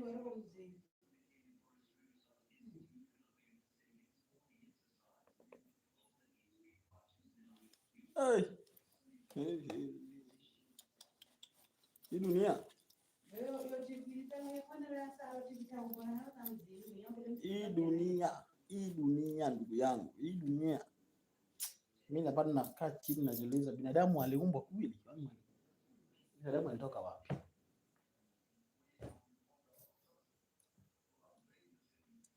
Rose. Hii dunia hii dunia hii dunia, ndugu yangu, hii dunia, mimi napata nakaa chini najiuliza, binadamu aliumbwa kweli? Binadamu alitoka wapi?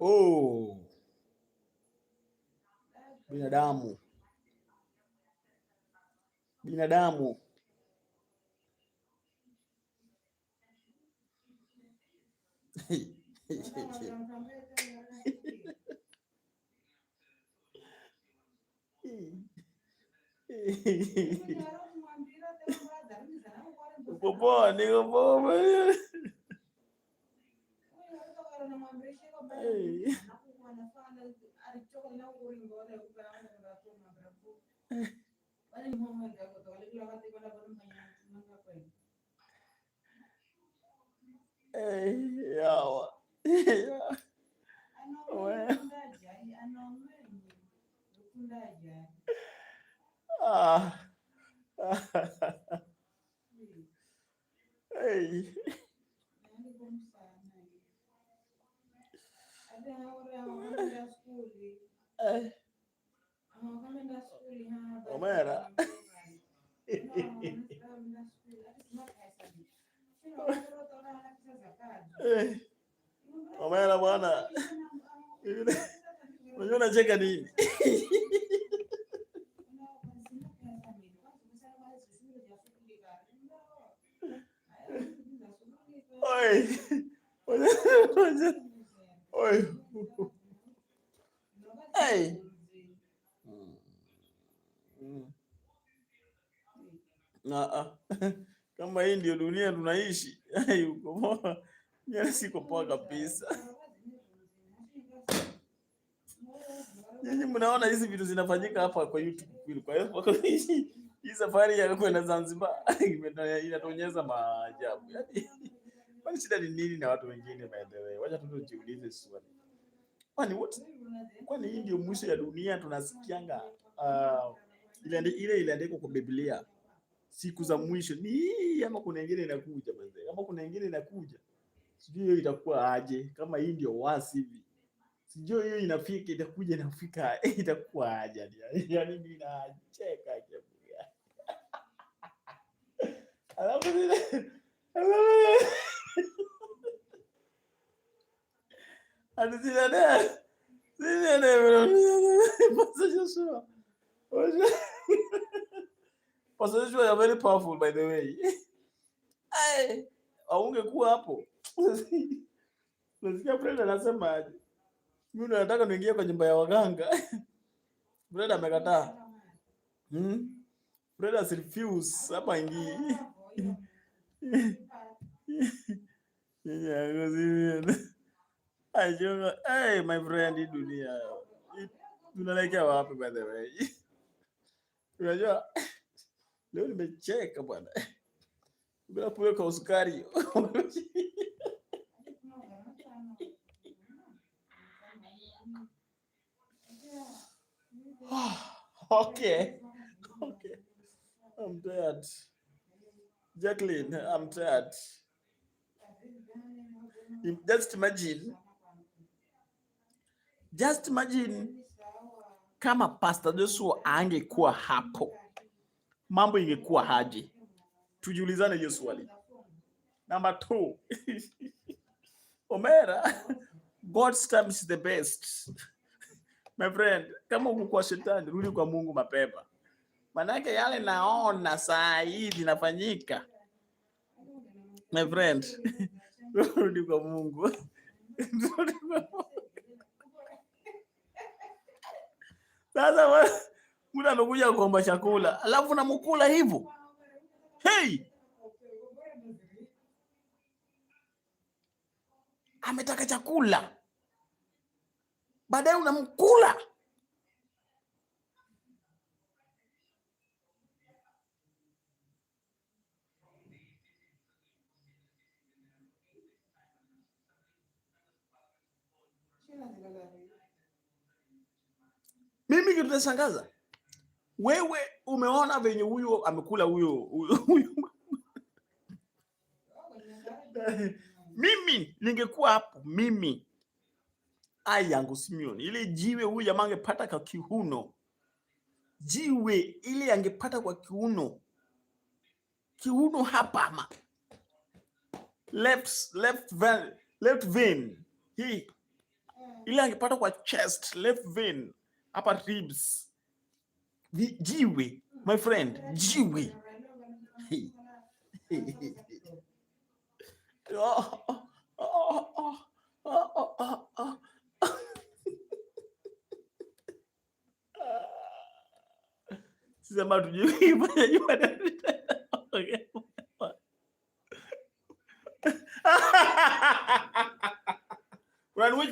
Oh, binadamu binadamu, born nigga. born man. wewe mama yala bwana, unajua unacheka nini? Mm. Mm. Mm. Ah, ah. Kama hii ndio dunia tunaishi siko poa kabisa. Nyinyi mnaona hizi vitu zinafanyika hapa kwa YouTube. kweli. Kwa hiyo hii safari ya kwenda Zanzibar inatonyeza maajabu. Yaani kwani shida ni nini na watu wengine maendeleo? Wacha tu tujiulize swali. Kwani what? Kwani hii ndio mwisho ya dunia tunasikianga? Uh, ah, ile ile iliandikwa kwa Biblia siku za mwisho ni ama kuna nyingine inakuja mzee, ama kuna nyingine inakuja sijui hiyo itakuwa aje, kama hii ndio wasi hivi, sijui hiyo inafika itakuja inafika itakuwa aje? Yani yaani mimi nacheka alafu alafu ana zile zile bro Passages were very powerful by the way. aungekuwa hapo. Nasikia Brenda anasema aje, mimi nataka niingie kwa nyumba ya waganga. Brenda amekataa. Hmm? Brenda si refuse hapa ingii. Hey, my friend, hii dunia tunaelekea wapi by the way? Unajua leo nimecheka bwana. Unakuja kwa usukari okay. Okay. I'm tired. Jacqueline, I'm tired. Just imagine. Just imagine kama Pastor Joshua angekuwa hapo, mambo ingekuwa haje? tujiulizane hiyo swali. Namba 2 Omera, God's time is the best my friend. Kama uko kwa shetani, rudi kwa Mungu mapema, manake yale naona saa hii linafanyika my friend rudi kwa Mungu sasa. Mtu amekuja kuomba chakula alafu namkula hivyo Mei ametaka chakula, baadaye unamkula. Mimi kitu nashangaza wewe umeona venye huyo amekula huyo Mimi ningekuwa hapo, mimi ai yangu Simeon, ile jiwe huyu jamaa angepata kwa kiuno, jiwe ile angepata kwa kiuno, kiuno hapa ama left left vein, left vein hii ile angepata kwa chest, left vein hapa ribs jiwe, my friend, jiwe. Hey.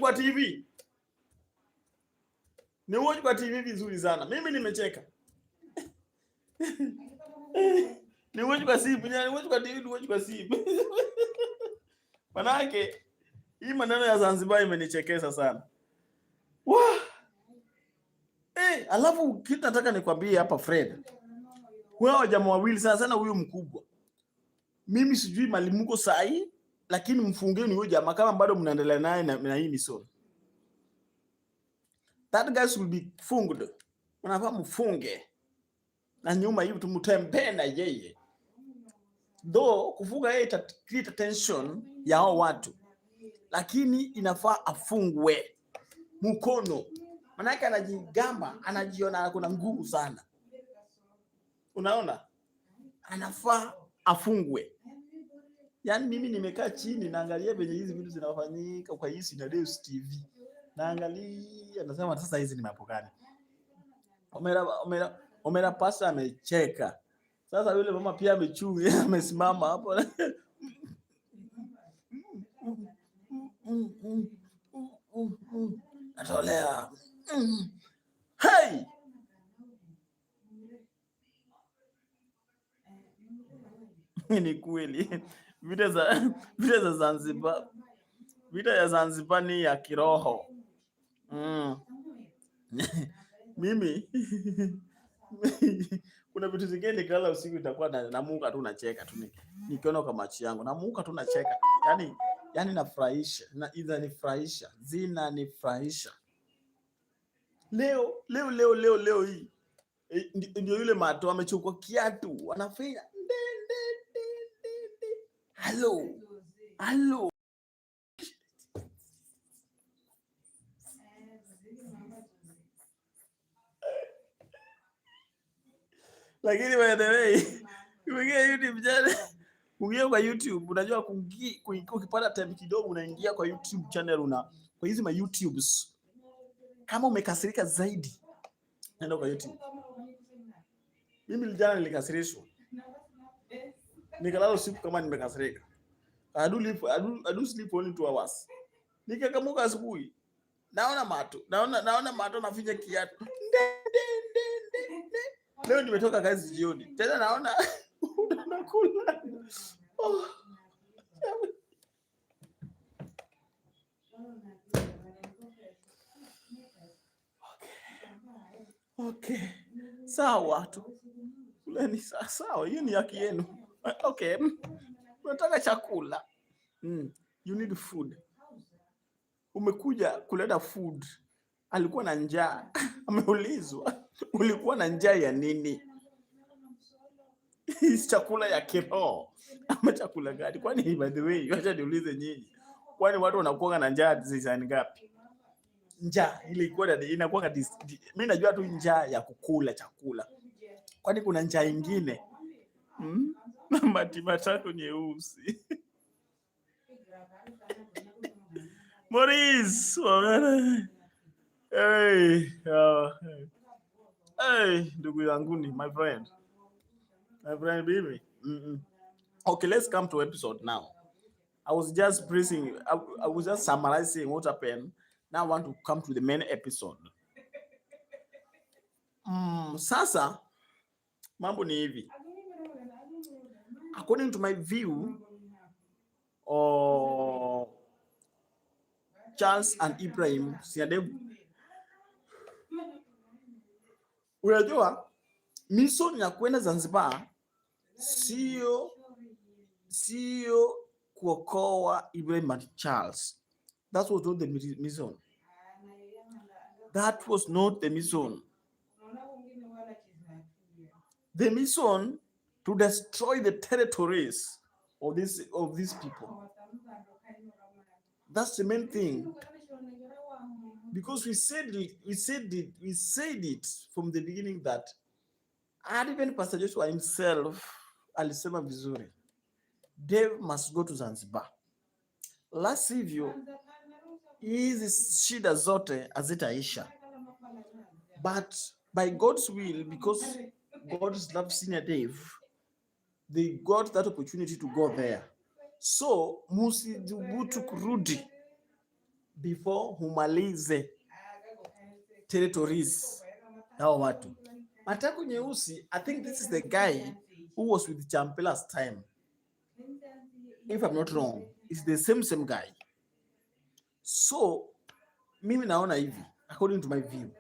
kwa TV. kwa TV vizuri sana. Mimi nimecheka. kwa simu nyani, wewe kwa DVD, wewe kwa simu. Manake hii maneno ya Zanzibar imenichekesha sana. Wa! Eh, alafu kitu nataka nikwambie hapa Fred. Wewe wajamaa wawili sana sana huyu mkubwa. Mimi sijui malimuko sahi lakini mfungeni huyo jamaa kama bado mnaendelea naye na, na hii misomo. That guy should be funged. Mnafaa mfunge. Na nyuma hivi tumtembee na yeye do kufunga yeye create tension ya hao watu, lakini inafaa afungwe mkono, manake anajigamba, anajiona kuna nguvu sana. Unaona, anafaa afungwe. Yaani mimi nimekaa chini naangalia venye hizi vitu zinafanyika kwa hii Sinadeus TV, naangalia nasema, sasa hizi ni mapokani. Omera, Omera, Omera pasa amecheka sasa yule mama pia amechunga, amesimama hapo natolea hey! Ni kweli vita za vita za Zanzibar, vita ya Zanzibar ni ya kiroho mm. mimi kuna vitu zingine nikilala usiku itakuwa na, namuka tu nacheka tu nikiona kwa macho yangu namuka tu nacheka yani, yani nafurahisha na inanifurahisha zinanifurahisha. Leo leo leo leo leo hii e, ndio yule mato amechukua kiatu wanafanya halo halo. Lakini by the way, ukiingia YouTube channel, ukiingia kwa YouTube unajua kuingia, ukipata time kidogo unaingia kwa YouTube channel una kwa hizi ma YouTubes. Kama umekasirika zaidi nenda kwa YouTube. Mimi jana nilikasirishwa. Nikalala usiku kama nimekasirika. I do sleep, I do, I do sleep only two hours. Nikakamuka asubuhi. Naona mato, naona naona mato nafinya kiatu leo nimetoka kazi jioni tena naona unakula oh. okay. Okay. Sawa tu kuleni sawa, hiyo ni haki yenu. Okay, unataka chakula mm. You need food. Umekuja kuleta food, alikuwa na njaa ameulizwa Ulikuwa na njaa ya nini? chakula ya kiroho ama chakula gani? Kwani by the way, niulize nyinyi, kwani watu wanakuwa na njaa zizani ngapi? Njaa ilikuwa iko inakuwa mimi najua tu njaa ya kukula chakula, kwani kuna njaa ingine hmm? mati matatu nyeusi Maurice, hey, oh, hey. Hey, ndugu yanguni, my friend, my friend baby. Mm -mm. Okay, let's come to episode now. I was just praising, I, I was just summarizing what happened. Now I want to come to the main episode. Mm, sasa mambo ni hivi. According to my view, oh, Charles and Ibrahim Siadebu Unajua mission ya kwenda Zanzibar sio sio kuokoa Ibrahim Charles. That was not the mission. That was not the mission. The mission to destroy the territories of this of these people. That's the main thing because we said it, we said it, we said it from the beginning that hata even Pastor Joshua himself alisema vizuri, Dave must go to Zanzibar, la sivyo hizi shida zote hazitaisha. But by God's will, because God's love senior Dave, they got that opportunity to go there. So musidhubutu kurudi before humalize territories hao watu. Matako Nyeusi, I think this is the guy who was with Champela's time. If I'm not wrong, it's the same same guy. So mimi naona hivi according to my view.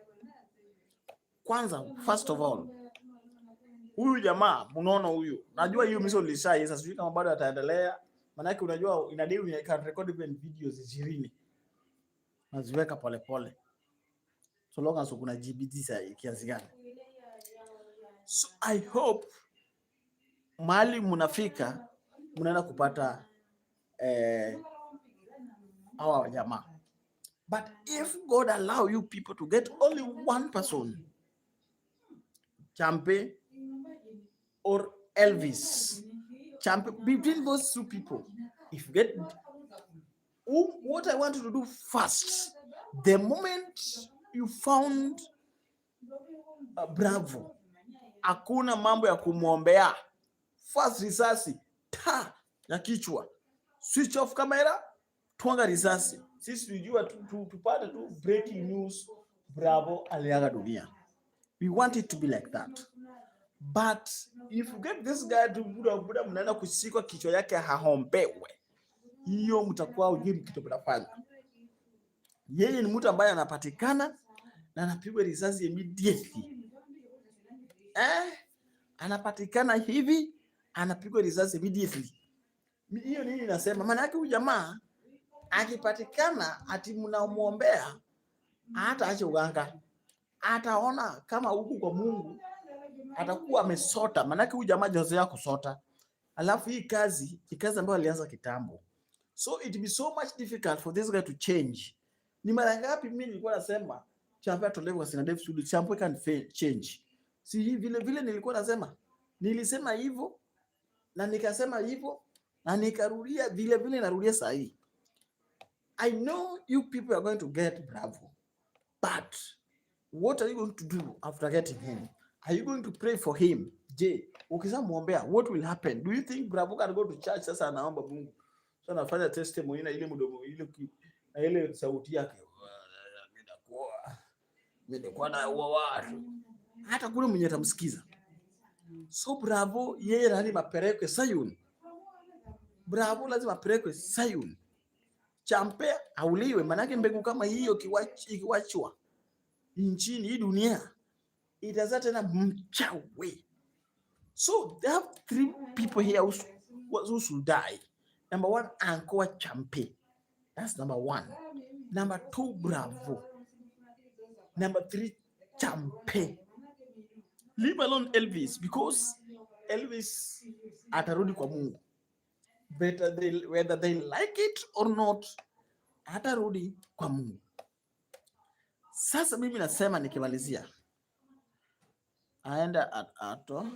Kwanza, first of all, huyu jamaa munaona huyu, najua hiyo miso lisha, sijui kama bado ataendelea, maanake unajua inadai unaeka record videos ishirini unaziweka polepole, so long as kuna GBT kiasi gani. So I hope mahali mnafika mnaenda kupata eh, awa wajamaa, but if God allow you people to get only one person Champe or Elvis Champe, between those two people if you get what I want you to do first, the moment you found uh, Bravo, hakuna mambo ya kumwombea. First risasi ta na kichwa, switch off kamera, twanga risasi. Sisi tujua tupate tu breaking news, Bravo aliaga dunia. We want it to be like that. But if you get this guy to buda buda, mnaenda kushikwa kichwa yake haombewe hiyo mtakuwa ujui kitu mnafanya. Yeye ni mtu ambaye anapatikana na anapigwa risasi immediately. Eh, anapatikana hivi anapigwa risasi immediately. Hiyo nini nasema? Maana yake huyu jamaa akipatikana ati mnamuombea, hata acha uganga, ataona kama huku kwa Mungu atakuwa amesota. Maana yake huyu jamaa jozi yako sota. Alafu hii kazi, hii kazi ambayo alianza kitambo So it be so much difficult for this guy to change. Ni mara ngapi mimi nilikuwa nasema Chapo atolewe kwa Sina Def Suluhu, Chapo can change. Si vile vile nilikuwa nasema. Nilisema hivyo na nikasema hivyo na nikarudia vile vile narudia sasa hii. I know you people are going to get Bravo. But what are you going to do after getting him? Are you going to pray for him? Je, ukishamuombea what will happen? Do you think Bravo can go to church sasa anaomba Mungu? so nafanya testi mwingine ile mdomo ile na ile sauti yake, mimi nakuoa, mimi nikuwa na uwa watu, hata kule mwenye atamsikiza. So bravo, yeye lazima apelekwe Sayun. Bravo lazima apelekwe Sayun. champe auliwe, manake mbegu kama hiyo ikiwachwa nchini hii dunia itaza tena mchawi. So they have three people here who should die Number one, Ankoa Champe. That's number one. Number two, Bravo. Number three, Champe. Leave alone Elvis because Elvis atarudi kwa Mungu. Better they, whether they like it or not, atarudi kwa Mungu. Sasa mimi nasema nikimalizia, aende ato,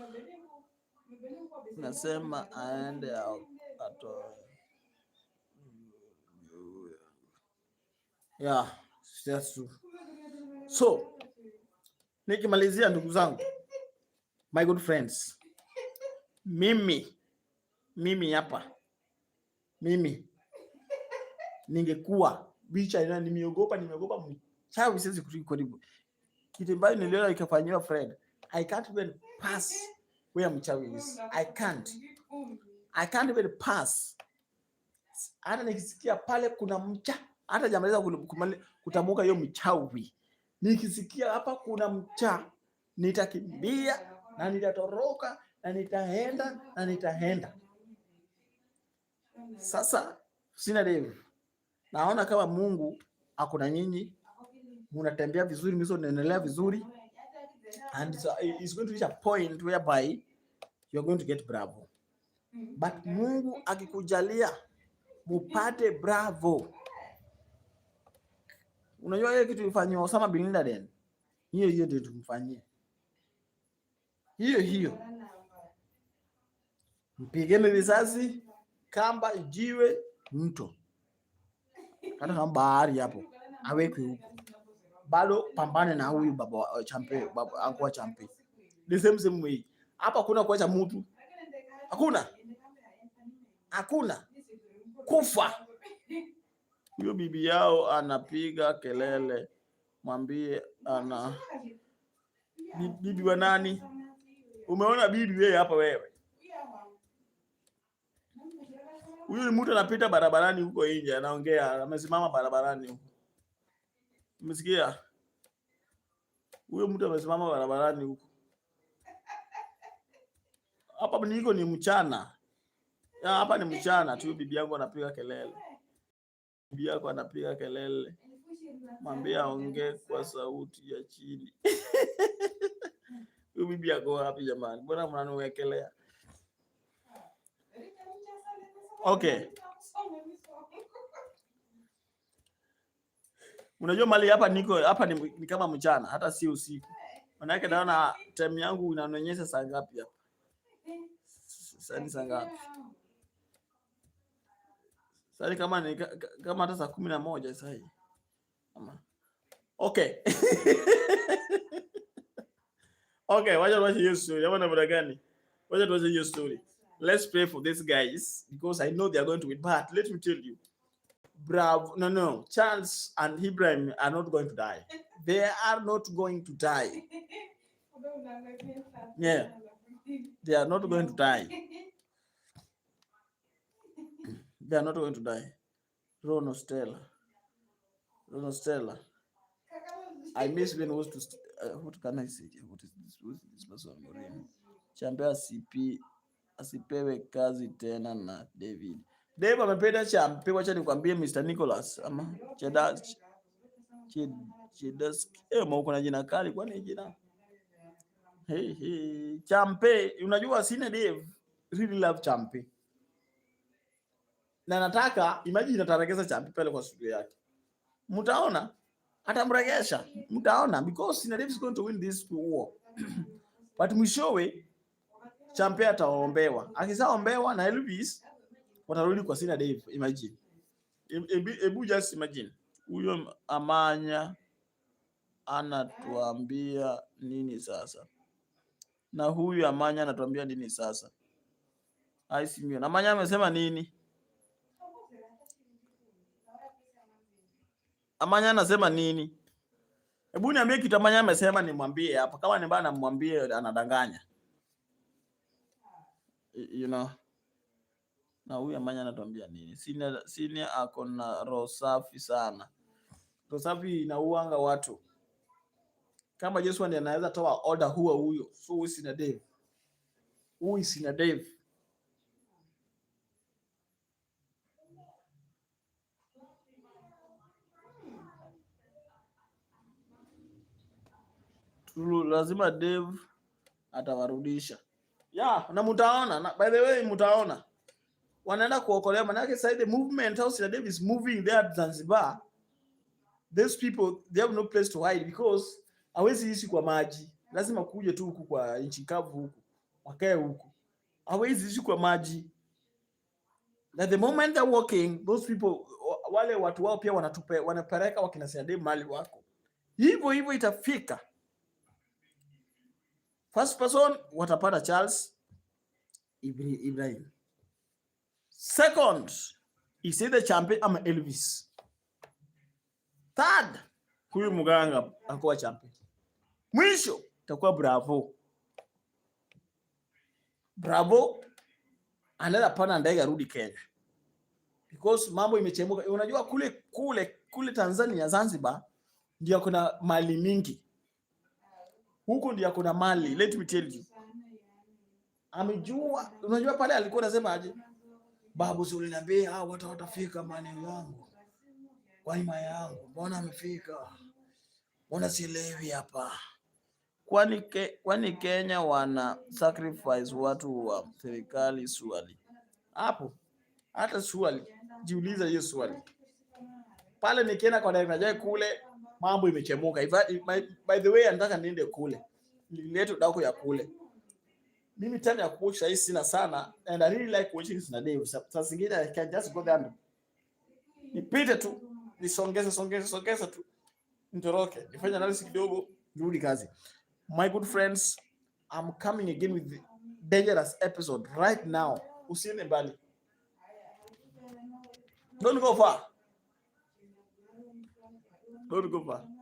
nasema aende ato Yeah, that's true. So nikimalizia, ndugu zangu, my good friends, mimi mimi hapa mimi ningekuwa bicha, nimeogopa nimeogopa mchawi, siwezi karibu kitu ambayo niliona ikafanyiwa Fred. I can't even pass where mchawi is. I can't. I can't even pass. Hata nikisikia pale kuna mcha hata jamaliza kutamuka hiyo mchawi. Nikisikia hapa kuna mcha, nitakimbia na nitatoroka na nitaenda na nitaenda. Sasa sina devu, naona kama Mungu akuna nyinyi, munatembea vizuri, mizo naendelea vizuri and it's going to reach a point whereby you're going to get bravo, but Mungu akikujalia mupate bravo Unajua ile kitu ilifanyiwa Osama bin Laden, hiyo hiyo ndio tumfanyie hiyo hiyo, mpigeni risasi, kamba, jiwe, mto, hata kama bahari hapo awekwe huko, bado pambane na huyu baba champe, baba ankuwa champe the same same way. Hapa kuna kuacha mtu, hakuna hakuna kufa huyo bibi yao anapiga kelele, mwambie ana bibi wa nani? Umeona bibi wewe hapa wewe. Huyu ni mtu anapita barabarani huko nje, anaongea, amesimama barabarani huko. Umesikia? Huyo mtu amesimama barabarani huko. Hapa niko ni mchana. Hapa ni mchana tu, bibi yangu anapiga kelele bibi yako anapiga kelele, mwambie aongee kwa sauti ya chini. Huyu bibi yako wapi jamani? Mbona mnaniwekelea? Okay. Unajua mali hapa niko hapa ni, ni kama mchana hata si usiku. Manake naona time yangu inanionyesha saa ngapi hapa? Sasa ni saa ngapi? Sasa kama ni kama hata saa kumi na moja sasa hivi. Okay. Okay, wacha tuache hiyo story. Hapo na gani? Wacha tuache hiyo story. Let's pray for these guys because I know they are going to win but let me tell you. Bravo. No, no. Charles and Ibrahim are not going to die. They are not going to die. Yeah. They are not going to die. They are not going to die. Ron Stella. Ron Stella. I miss when was to uh, what can I say? What is this? What is this person Mourinho? Chambea CP asipewe kazi tena na David. Dave amependa champe, wacha nikwambie Mr. Nicholas ama Cheda Cheda eh, mauko na jina kali kwani jina. Hey, hey. Champe, unajua sina Dave. Really love Champe na nataka imagine ataregeza Champi pale kwa studio yake, mtaona atamregesha, mtaona because Sinarif is going to win this war but mwishowe Champi ataombewa, akisaombewa na Elvis watarudi kwa Sina Dave. Imagine, ebu just imagine huyo Amanya anatuambia nini sasa, na huyu Amanya anatuambia nini sasa? Aisimio, Amanya amesema nini? Amanya anasema nini? Hebu niambie kitu Amanya amesema nimwambie hapa. Kama ni bana mwambie anadanganya. You know. Na huyu Amanya anatuambia nini? Sina sina ako na roho safi sana. Roho safi inauanga watu. Kama Yesu ndiye anaweza toa order huwa huyo. So huyu sina Dave. Huyu sina Dave. lazima Dev atawarudisha ya yeah, na mtaona na, by the way mtaona wanaenda kuokolea manake sasa the movement house ya Dev is moving there at Zanzibar. These people they have no place to hide because hawezi ishi kwa maji, lazima kuje tu huku kwa nchi kavu huku wakae huku, hawezi ishi kwa maji. Na the moment they're walking those people, wale watu wao pia wanatupe wanapeleka wakina Dave mali wako hivyo hivyo itafika First person watapata Charles Ibrahim. Second is the champion ama Elvis. Third huyu mganga akuwa champion. Mwisho takuwa Bravo. Bravo anaweza pana ndege arudi Kenya because mambo imechemuka. Unajua kule kule kule Tanzania Zanzibar ndio kuna mali mingi huko ndio yako na mali. Let me tell you, amejua. Unajua pale alikuwa anasema aje? Babu, si uliniambia hao ah, watu watafika maeneo yangu kwa hima yangu, mbona amefika? Mbona sielewi hapa? Kwani ke, kwani Kenya wana sacrifice watu wa serikali? Swali hapo, hata swali jiuliza hiyo swali pale. Nikienda kwa daktari kule mambo imechemuka. By the way, nataka niende kule, Nileto dako ya kule. Mimi time ya kuosha hii sina sana, and I really like watching Sina Dave. Sasa zingine I can just go there, and nipite tu nisongeze songeze songeze tu nitoroke, nifanye analysis kidogo, nirudi kazi. My good friends, I'm coming again with the dangerous episode right now. Usiende mbali, don't go far. Todo culpado.